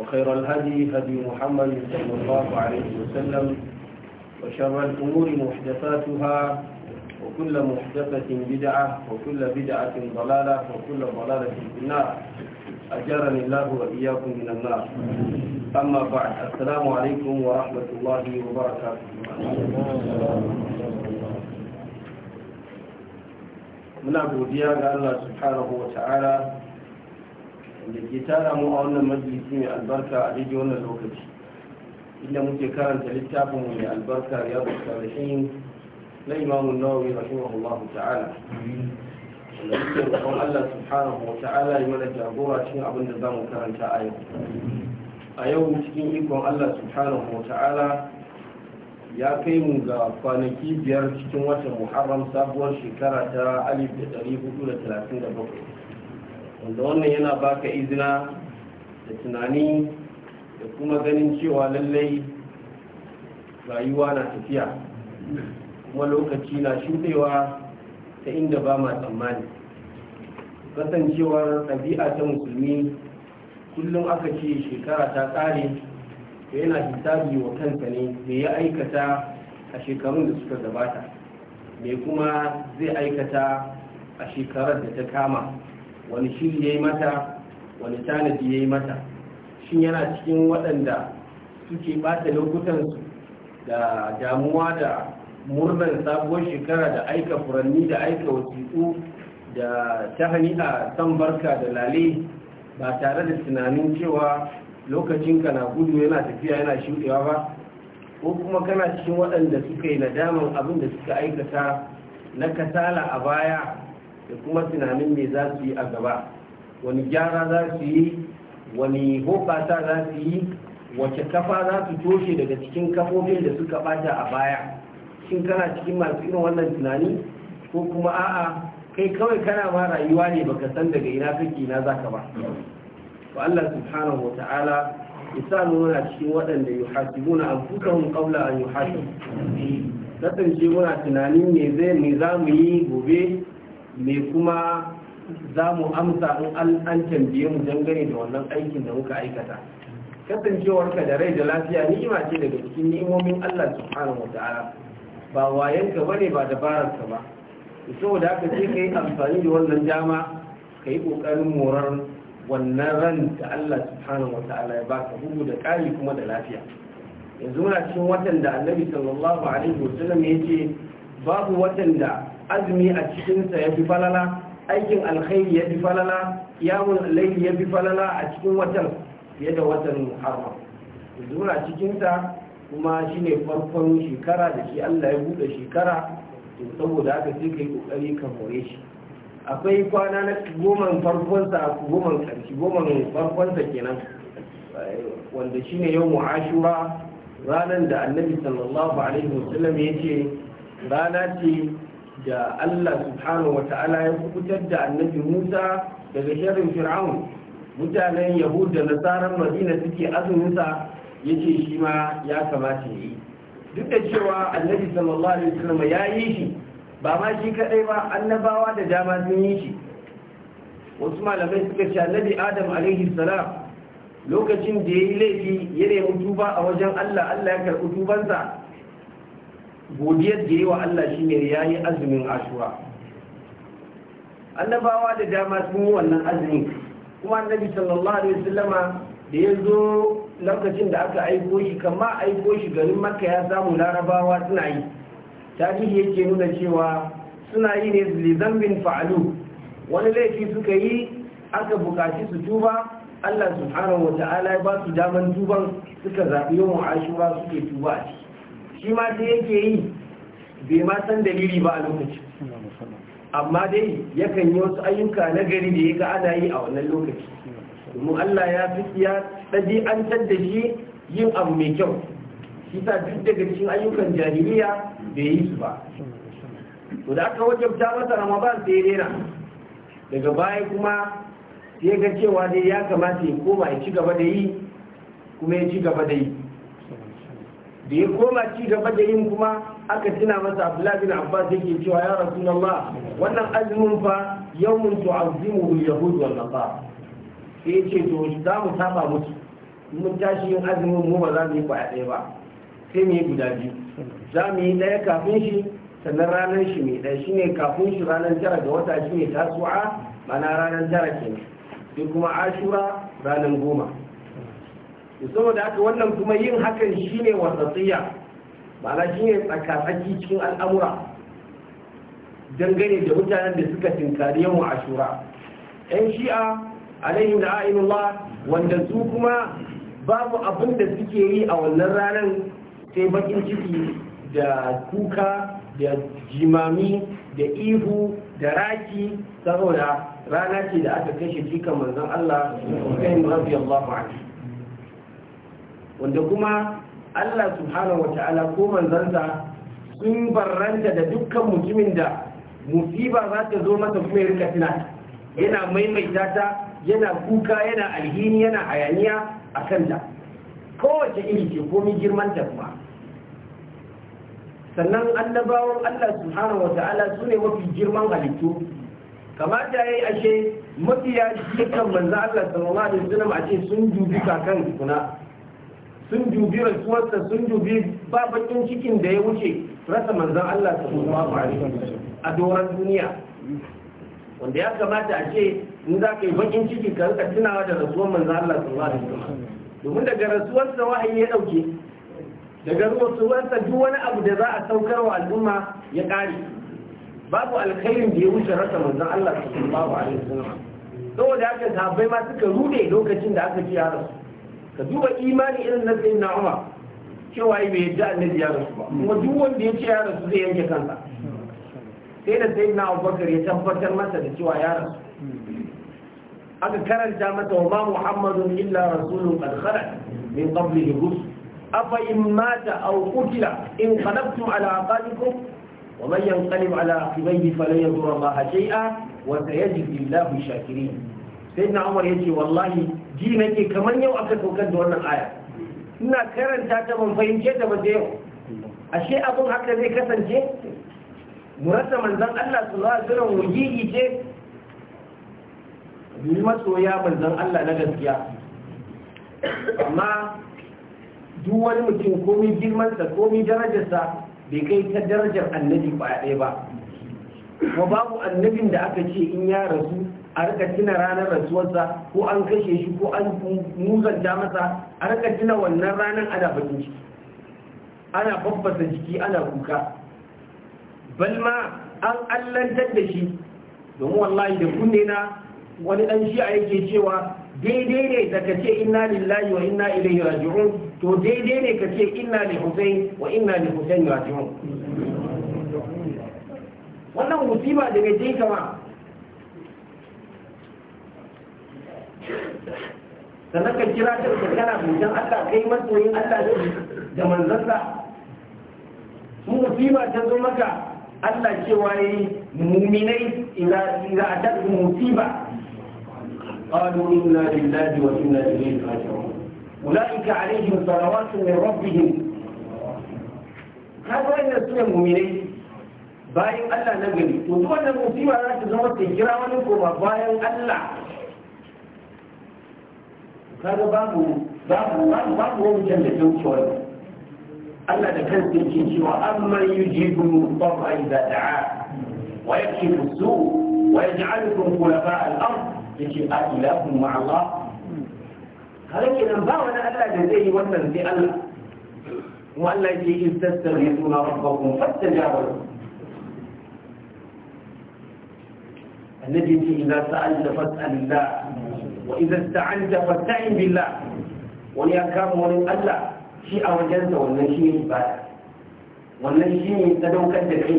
وخير الهدي هدي محمد صلى الله عليه وسلم وشر الأمور محدثاتها وكل محدثة بدعة وكل بدعة ضلالة وكل ضلالة في النار أجرني الله وإياكم من النار أما بعد السلام عليكم ورحمة الله وبركاته من godiya ga Allah سبحانه وتعالى da ke tara mu a wannan majalisi mai albarka a daidai wannan lokaci inda muke karanta littafin mu mai albarka ya buka da shi na imamun nawawi rahimahullah ta'ala da muke roƙon Allah subhanahu wa ta'ala ya mana jagora cikin abin da zamu karanta a yau a yau cikin ikon Allah subhanahu wa ta'ala ya kai mu ga kwanaki biyar cikin watan muharram sabuwar shekara ta bakwai. wanda wannan yana baka izina da tunani da kuma ganin cewa lallai rayuwa na tafiya kuma lokaci na shuɗewa ta inda ba ma tsammani kasancewar ɗabi'a ta musulmi kullum aka ce shekara ta ƙare da yana hisabi wa kansa ne da ya aikata a shekarun da suka gabata me kuma zai aikata a shekarar da ta kama wani shiri ya yi mata wani tanadi ya yi mata shin yana cikin waɗanda suke ɓata lokutansu da damuwa da murnar sabuwar shekara da aika furanni da aika wasiƙu da ta a san barka da lale ba tare da tunanin cewa lokacinka na gudu yana tafiya yana shuɗewa ba ko kuma kana cikin waɗanda suka yi nadaman abin da suka aikata na kasala a baya da kuma tunanin me za su yi a gaba wani gyara za su yi wani hokata za su yi wace kafa za su toshe daga cikin kafofin da suka bata a baya shin kana cikin masu irin wannan tunani ko kuma a'a kai kawai kana ma rayuwa ne baka san daga ina kake ina zaka ba wa Allah subhanahu wataala ya sa mu muna cikin waɗanda yuhasibuna anfusahum qawla an yuhasib kasance muna tunanin me zai me za mu yi gobe me kuma za mu amsa in an tambaye mu dangane da wannan aikin da muka aikata kasancewarka da rai da lafiya ni'ima ce daga cikin ni'imomin Allah subhanahu wa ta'ala ba wayanka bane ba dabararka ba saboda haka sai kai amfani da wannan dama kai kokarin morar wannan ran da Allah subhanahu wa ya baka bugu da kari kuma da lafiya yanzu muna cikin watan da Annabi sallallahu alaihi wasallam ya ce babu watan da azumi a cikinsa ya fi falala aikin alkhairi ya fi falala yawon laili ya fi falala a cikin watan fiye da watan harma zura cikinsa kuma shi ne farkon shekara da shi allah ya buɗe shekara to saboda haka sai ka yi ƙoƙari ka more shi akwai kwana na goman farkonsa goman ƙarshe goman farkonsa kenan wanda shi ne yau mu'ashura ranar da annabi sallallahu alaihi wasallam ya ce rana ce da Allah subhanahu ta'ala ya kubutar da annabi Musa daga sharrin Fir'aun mutanen Yahud da nasarar Madina suke azuminsa yace shi ma ya kamata yi duk da cewa annabi sallallahu alaihi wasallam ya yi shi ba ma shi kadai ba annabawa da dama sun yi shi wasu malamai suka ce annabi Adam alaihi salam lokacin da ya yi laifi ya mutu ba a wajen Allah Allah ya karɓi tubansa godiyar da yi wa Allah shi ne ya yi azumin ashura annabawa da dama sun yi wannan azumin kuma annabi sallallahu alaihi wasallama da ya zo lokacin da aka aiko shi kama aiko shi garin makka ya samu larabawa suna yi tarihi yake nuna cewa suna yi ne bin fa'alu wani laifi suka yi aka bukaci su tuba Allah subhanahu wa ta'ala ya ba su daman tuban suka zaɓi yawan ashura suke tuba a ciki shi ma sai yake yi bai ma san dalili ba a lokaci amma dai yakan yi wasu ayyuka na gari da ya ga ana yi a wannan lokaci mu Allah ya fi ya tsaji an da shi yin abu mai kyau shi ta duk daga cikin ayyukan jahiliya bai yi su ba to da aka wajabta masa ramadan sai rera daga baya kuma sai ga cewa dai ya kamata ya koma ya ci gaba da yi kuma ya ci gaba da yi da ya koma ci gaba da yin kuma aka tuna masa abdullahi bin abbas yake cewa ya rasulullah wannan azumin fa yawmun tu'azimu bil yahud wal nasara sai yace to za mu saba musu mun tashi yin azumin mu ba za mu yi kwaya ɗaya ba sai mu yi guda biyu za mu yi ɗaya kafin shi sannan ranar shi mai ɗaya shine kafin shi ranar tara ga wata shine tasu'a mana ranar tara kenan sai kuma ashura ranar goma saboda haka wannan kuma yin hakan shine wasatiyya ma'ana shine tsakatsaki cikin al'amura dangane da mutanen da suka tinkari yawan ashura yan shi'a alaihim da a'inullah wanda su kuma babu abin da suke yi a wannan ranar sai bakin ciki da kuka da jimami da ihu da raki saboda rana ce da aka kashe cikin manzon Allah Hussein radiyallahu anhu wanda kuma Allah subhanahu wa ta'ala ko manzansa sun barranta da dukkan mutumin da musiba za ta zo masa kuma ya rika tuna yana maimaita ta yana kuka yana alhini yana hayaniya a kanta kowace iri ce komi girman ta kuma sannan annabawan Allah subhanahu wa ta'ala su ne mafi girman halittu kamata ya yi ashe mafiya dukkan manzan Allah sallallahu alaihi wasallam a ce sun dubi kakan kuna sun dubi rasuwarsa sun dubi babakin cikin da ya wuce rasa manzan Allah kuma alaihi a doron duniya wanda ya kamata a ce in za ka yi bakin ciki ka rika tunawa da rasuwar manzan Allah su kuma wasallam domin daga rasuwarsa wahayi ya dauke daga rasuwarsa duk wani abu da za a saukar wa al'umma ya kare babu alkhairin da ya wuce rasa manzan Allah su kuma wasallam saboda haka sahabbai ma suka rude lokacin da aka ji ya rasu ka duba imani irin na sayyidina Umar cewa bai yadda annabi ya rasu ba kuma duk wanda ya ce ya rasu zai yanke kansa sai da sayyidina Abubakar ya tabbatar masa da cewa ya rasu aka karanta mata wa ma Muhammadun illa rasulun qad min qablihi rusul afa in mata aw qutila in qalabtum ala aqabikum wa man yanqalib ala aqibihi falan yadurra Allah shay'a wa sayajid Allahu shakirin sayyidina Umar yace wallahi ji nake kamar yau aka saukar da wannan aya ina karanta ta ban fahimce ta ba yau ashe abin haka zai kasance murasa manzan Allah su zuwa zirin wujiji ce yi masoya manzan Allah na gaskiya amma duk wani mutum komi girmansa komi darajarsa bai kai ta darajar annabi ba ɗaya ba kuma babu annabin da aka ce in ya rasu a rika tuna ranar rasuwarsa ko an kashe shi ko an musanta masa a rika tuna wannan ranar ana bakin ciki ana babbasa jiki ana kuka balma an allantar da shi domin wallahi da kunne na wani dan shi a yake cewa daidai ne da kace inna lillahi wa inna ilaihi raji'un to daidai ne ka ce inna li husayn wa inna li husayn raji'un wannan musiba daga jinka ma sannan ka kira ta da kana bautan Allah kai masoyin Allah ne da manzansa mu musiba ta zo maka Allah cewa yayi mu'minai idza ila atat musiba قالوا إنا لله وإنا إليه راجعون أولئك عليهم صلوات من ربهم هذا إن سنة مؤمنين bayan Allah na gari to duk wannan musiba za ta zama ta kira wani kuma bayan Allah kaga babu babu babu babu wani jan da ta wuce wani Allah da kansa yake cewa amma yujibu mutarra idza da'a wa yakshifu su wa yaj'alukum khulafa al-ard yace a ilahum ma Allah kaga kenan ba wani Allah da zai yi wannan sai Allah wa Allah yake istastaghithuna rabbakum fastajabu lakum النبي إذا سألت فاسأل الله wa idan ta'anta fasta'in billah wani ya kama wani Allah shi a wajensa wannan shi ne ibada wannan shi ne sadaukar da kai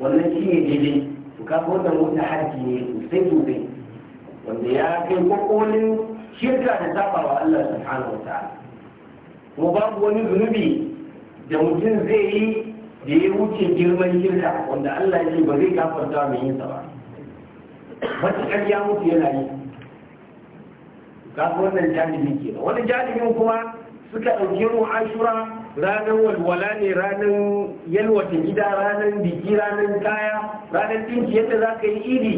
wannan shi ne daidai to ka ga wannan wata haƙƙi ne sosai sosai wanda ya kai kokolin shirka da sabawa Allah subhanahu wataala kuma babu wani zunubi da mutum zai yi da ya wuce girman shirka wanda Allah ya ce ba zai kafarta mai yinsa ba matuƙar ya mutu yana yi kaga wannan jami'in ke wani jami'in kuma suka ɗauki mu ashura ranar walwala ne ranar yalwata gida ranar biki ranar kaya ranar dinki yadda za ka yi idi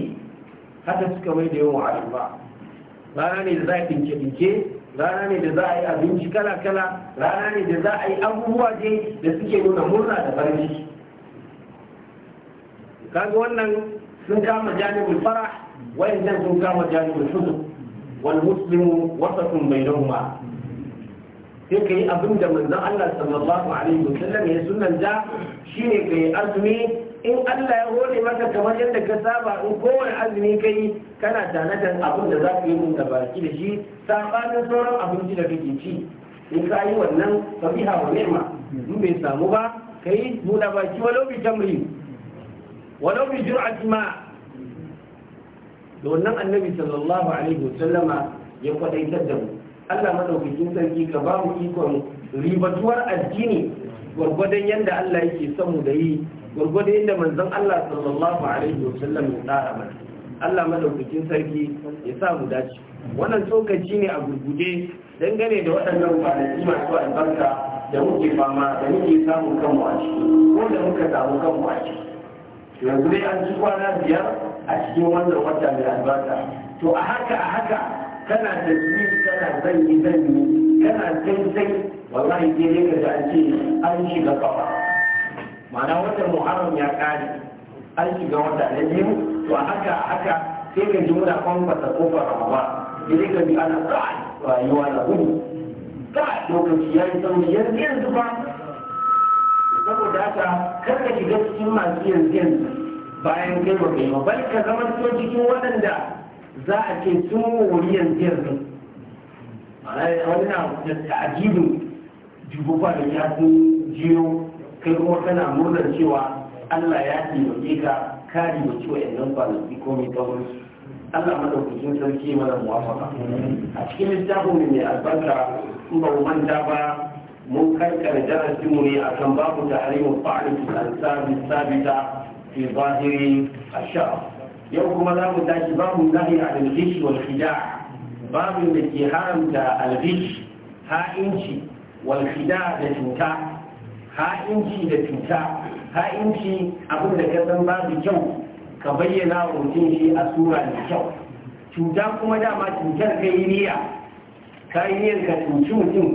haka suka mai da yawan ashura rana ne da za a ɗinke ɗinke rana ne da za a yi abinci kala kala rana ne da za a yi abubuwa je da suke nuna murna da farin ciki kaga wannan sun kama janibul farah wayannan sun kama janibul huzn wal muslimu wasatun bainahuma sai ka yi abin da manzon Allah sallallahu alaihi wasallam ya sunanta shine ka yi azumi in Allah ya hore maka kamar yadda ka saba in kowane azumi ka yi kana tanadan abin da za ka yi mun da baki da shi sabanin sauran abinci da kake ci in ka yi wannan fabiha wa ni'ma Mun bai samu ba ka yi buɗa baki walau bi tamri walau bi jur'ati ma da wannan annabi sallallahu alaihi wasallama ya kwadaitar da mu Allah madaukakin sarki ka ba mu ikon ribatuwar addini gwargwadon yadda Allah yake son mu da yi gwargwadon yadda manzon Allah sallallahu alaihi wasallam ya tsara mana Allah madaukakin sarki ya sa mu dace wannan tsokaci ne a gurgude dangane da waɗannan kwanaki masu albarka da muke fama da muke samun kanmu a ciki ko da muka samu kanmu a ciki yanzu dai an ci kwana biyar a cikin wannan wata mai albarka to a haka a haka kana da ji kana zan yi kana zaizai wallahi ke ne ka an ce an shiga kafa ma'ana wata muharram ya kare an shiga wata na biyu to a haka a haka sai ka ji muna kwamfata kofar ramadan sai ka bi ana kai rayuwa na gudu ka lokaci ya yi sauri yanzu yanzu ba saboda haka kar ka shiga cikin masu yanzu yanzu bayan girma mai ma bal ka zama to cikin waɗanda za a ce sun wuriyan jirgin wani na da ta'ajibin jububa da ya sun jiyo kai kuma kana murnar cewa Allah ya ke ka kari wa ciwo yan nan ba zai komai tsawon Allah madaukakin sarki mana muwafaka a cikin littafin mai albarka in ba manta ba mun karkar mu ne akan babu tahrimin fa'alin al-sabita fi zahiri ash-shar yau kuma za mu tashi babu nahi an al-ghish wal khida' babin da ke haramta al-ghish ha'inci wal khida' da cuta ha'inci da cuta ha'inci abin da ka san babu kyau ka bayyana mutum shi a da kyau cuta kuma dama cutar kai niyya ka yi niyyar ka cuci mutum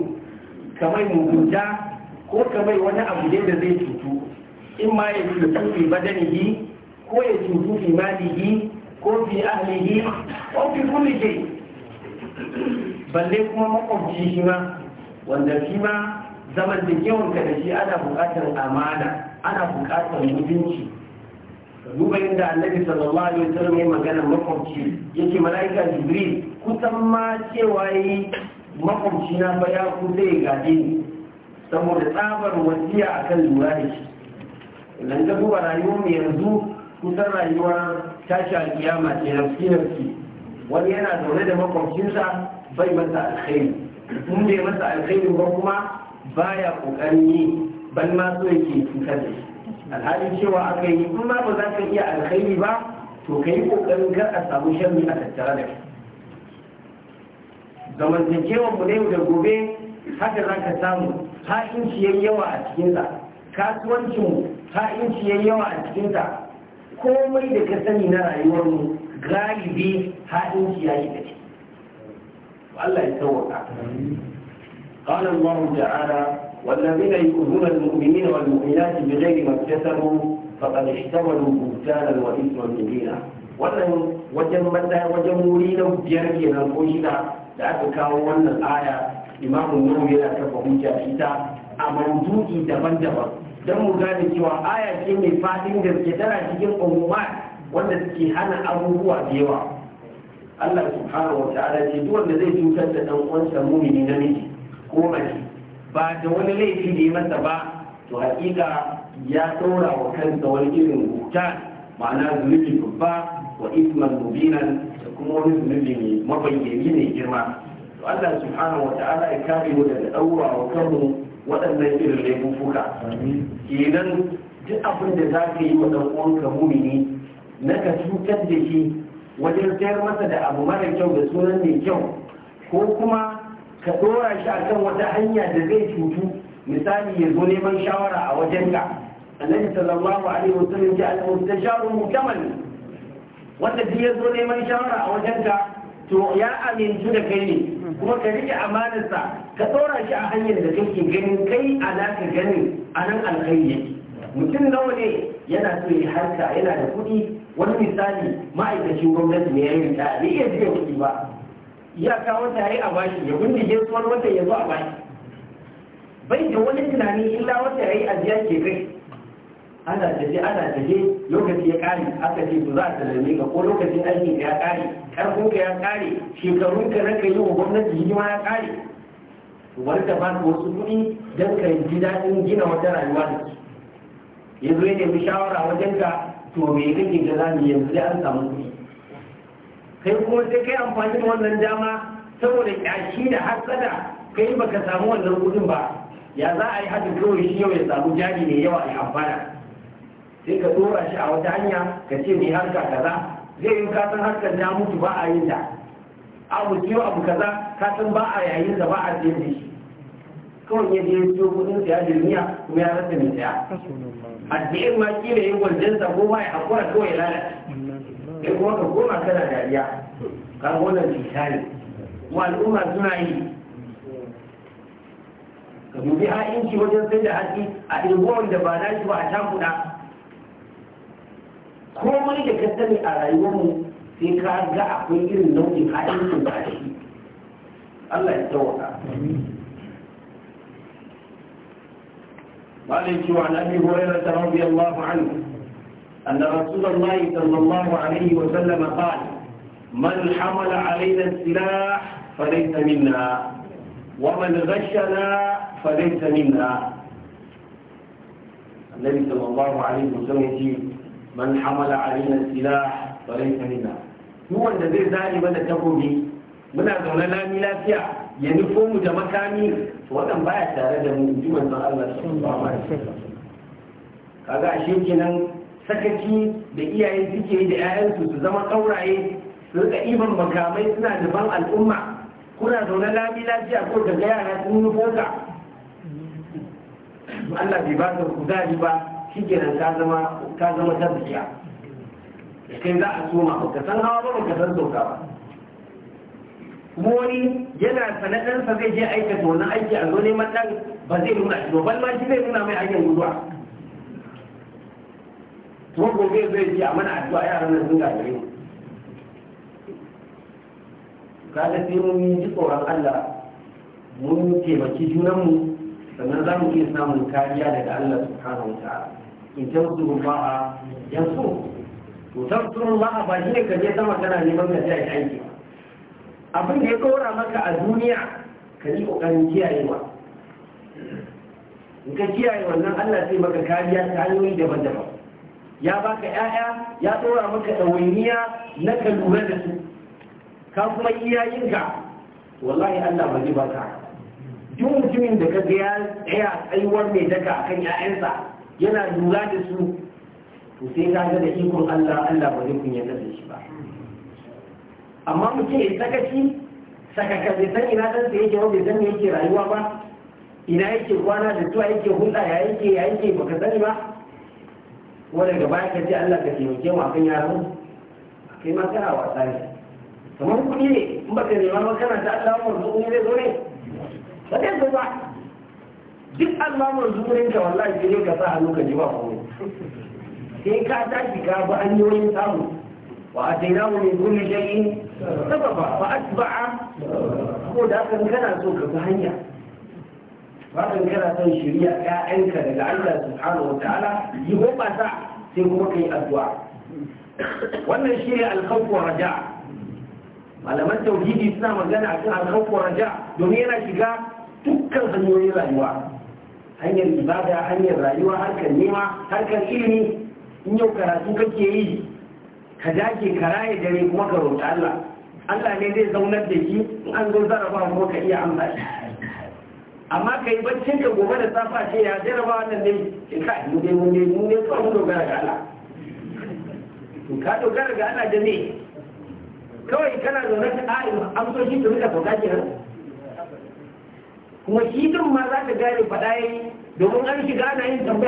kamar mugunta ko kamar wani abu da zai cutu in ma ya cutu fi badanihi ko ya cutu fi malihi ko fi ahlihi ko fi kulli shay balle kuma makwabci shi ma wanda shi ma zaman da kewanka da shi ana buƙatar amana ana buƙatar mutunci duba inda annabi sallallahu alaihi wasallam ya magana makwabci yake malaika jibril kusan ma cewa yi makwabci na baya ku zai gaje ni saboda tsabar wasiya akan lura da shi idan ka duba rayuwar mu yanzu kusan rayuwar tashi kiyama ce na wani yana zaune da makwabcinsa bai masa alkhairi in bai masa alkhairi ba kuma baya kokarin yi ban ma so yake cutar da shi alhalin cewa aka yi in ma ba za ka iya alkhairi ba to ka yi kokarin kar a samu shanmi a tattare da kai zamantakewar mu na yau da gobe haka za ka samu ha'inci shi yawa a cikinsa kasuwancin ha'inci ya yawa a cikinta komai da ka sani na rayuwarmu galibi ha'inci ya yi kaci Allah ya sauwaka قال الله تعالى والذين يؤذون المؤمنين والمؤمنات بغير ما اكتسبوا فقد احتملوا بهتانا واثما مبينا wannan wajen mata wajen wuri biyar kenan ko shida da aka kawo wannan aya imamu nawawi yana kafa hujja ita a mawdu'i daban-daban don mu gane cewa aya ce mai fadin gaske tana cikin umma wanda suke hana abubuwa da yawa Allah subhanahu wa ta'ala ce duk wanda zai cutar da dan uwansa mumini namiji ko mace ba da wani laifi da ya masa ba to hakika ya ɗora wa kansa wani irin guta ma'ana zunubi babba wa isman mubinan da kuma wani zunubi ne mabayyani ne girma to Allah subhanahu wa ta'ala ya kare mu daga ɗaura wa kanmu waɗannan irin laifuka kenan duk abin da za ka yi wa ɗan uwanka mumini na ka cutar da shi wajen sayar masa da abu mara kyau da sunan mai kyau ko kuma ka ɗora shi a kan wata hanya da zai cutu misali ya zo neman shawara a wajenka annabi sallallahu alaihi wasallam ya al-mustasharu mukamal wanda duk ya zo neman shawara a wajenka to ya amintu da kai ne kuma ka rike amanarsa ka tsora shi a hanyar da kake ganin kai a naka ganin a nan alkhairi mutum nawa ne yana so ya harka yana da kuɗi wani misali ma'aikacin gwamnati ne ya yi ta bai iya biyan kuɗi ba ya kawo tare a bashi ya gundi je wani wata ya zo a bashi bai da wani tunani illa wata ya yi ajiya ke kai ana tafi ana tafi lokaci ya kare aka ce ku za a sallame ka ko lokacin aikin ya kare karfin ka ya kare shekarun ka ranka yi wa gwamnati hidima ya kare wanda ba su wasu kuɗi don ka ji daɗin gina wata rayuwa da su ya zo ya nemi shawara wajen ka to me kake za zamu yanzu dai an samu kuɗi kai kuma sai kai amfani da wannan dama saboda ƙyashi da hassada kai ka samu wannan kuɗin ba ya za a yi haka kawai shi yau ya samu jari mai yawa a ya amfana sai ka tsora shi a wata hanya ka ce mai harka kaza zai yi ka san harkar na mutu ba a yin da abu ciwo abu kaza ka san ba a yayin da ba a sayar da shi kawai ya je ya ciwo kudin siya da duniya kuma ya rasa mai saya addu'in ma kila yin gwanjansa ko ba ya hakura kawai lalata sai kuma ka koma kana dariya ka wannan cuta ne mu al'umma suna yi ka dubi ha'inci wajen sai da haƙi a ilmuwan da ba na shi ba a shafuɗa komai da ka sani a rayuwarmu sai ka ga akwai irin nau'in ha'incin da shi Allah ya tawaka مالك عن أبي هريرة رضي الله عنه أن رسول الله صلى الله عليه وسلم قال من حمل علينا السلاح فليس منا ومن غشنا فليس منا النبي صلى الله عليه وسلم يقول man hamala alaina silah falaysa minna duk wanda zai zani mana takobi muna zaune lami lafiya ya nufo mu da makami to wannan baya tare da mu ji manzon Allah kenan sakaci da iyaye suke yi da 'ya'yansu su zama kauraye su rika iban makamai suna ban al'umma kuna zaune lami lafiya ko daga yara sun nufo ka Allah bai ba ka kuzari ba shi kenan ka zama ka zama tabbiya kai za a soma ba ka san hawa ba ba ka san sauka ba kuma wani yana sa zai je aikata wannan aiki a zo neman dan ba zai nuna shi ba bal ma shi zai nuna mai aikin guduwa kuma gobe zai ji a mana addu'a yaran nan sun gagare mu kada sai mun ji tsoron Allah mun taimaki junanmu sannan za mu iya samun kariya daga Allah subhanahu wa ta'ala in tansuru ba'a yansu to tansurun ba'a ba shi ne ka sama kana neman ka jiya aiki abin da ya kora maka a duniya ka yi ƙoƙarin kiyayewa in ka kiyaye wannan allah sai maka kariya ta hanyoyi daban-daban ya baka ƴaƴa ya tsora maka ɗawainiya na ka lura da su ka kuma iyayenka wallahi allah ba ji baka duk mutumin da ka ga ya tsaya tsayuwar mai daka akan 'ya'yansa yana lura da su to sai ka ga da ikon Allah Allah ba zai kunya da shi ba amma mutum ya sakaci sakaka bai san ina dan sa yake bai san me yake rayuwa ba ina yake kwana da tuwa yake hulɗa ya yake ya yake baka sani ba wanda gaba ka ce Allah ka taimake mu akan yaro kai ma kana wasa ne kamar kuɗi ne in baka nema ba kana ta Allah mu zo ne zo ne ba zai zo ba duk alamar zurin ka wallahi sai ne ka sa hannu ka ji ba komai sai ka tashi ka bi hanyoyin samu wa mu min kulli shay'in sababa fa atba'a ko da kan kana so ka bi hanya ba kan kana son shirya ƴaƴanka daga Allah subhanahu wa yi hoɓasa sai kuma kai addu'a wannan shi ne alkhawfu raja malaman tauhidi suna magana akan alkhawfu raja domin yana shiga dukkan hanyoyin rayuwa hanyar ibada hanyar rayuwa harkar nema harkar ilimi in yau karatu kake yi ka dake ka raye dare kuma ka roƙi Allah Allah ne zai zaunar da shi in an zo zarafa kuma ka iya amsa amma ka yi baccin ka gobe da safa ce ya jaraba wannan ne in ka yi dai mun dai mun ne kawai mun dogara ga Allah ka dogara ga Allah da ne kawai kana zaune ka a amsoshi ka rika sauka kenan kuma shi din ma za ka gane faɗa yi domin an shiga ana yin tambaya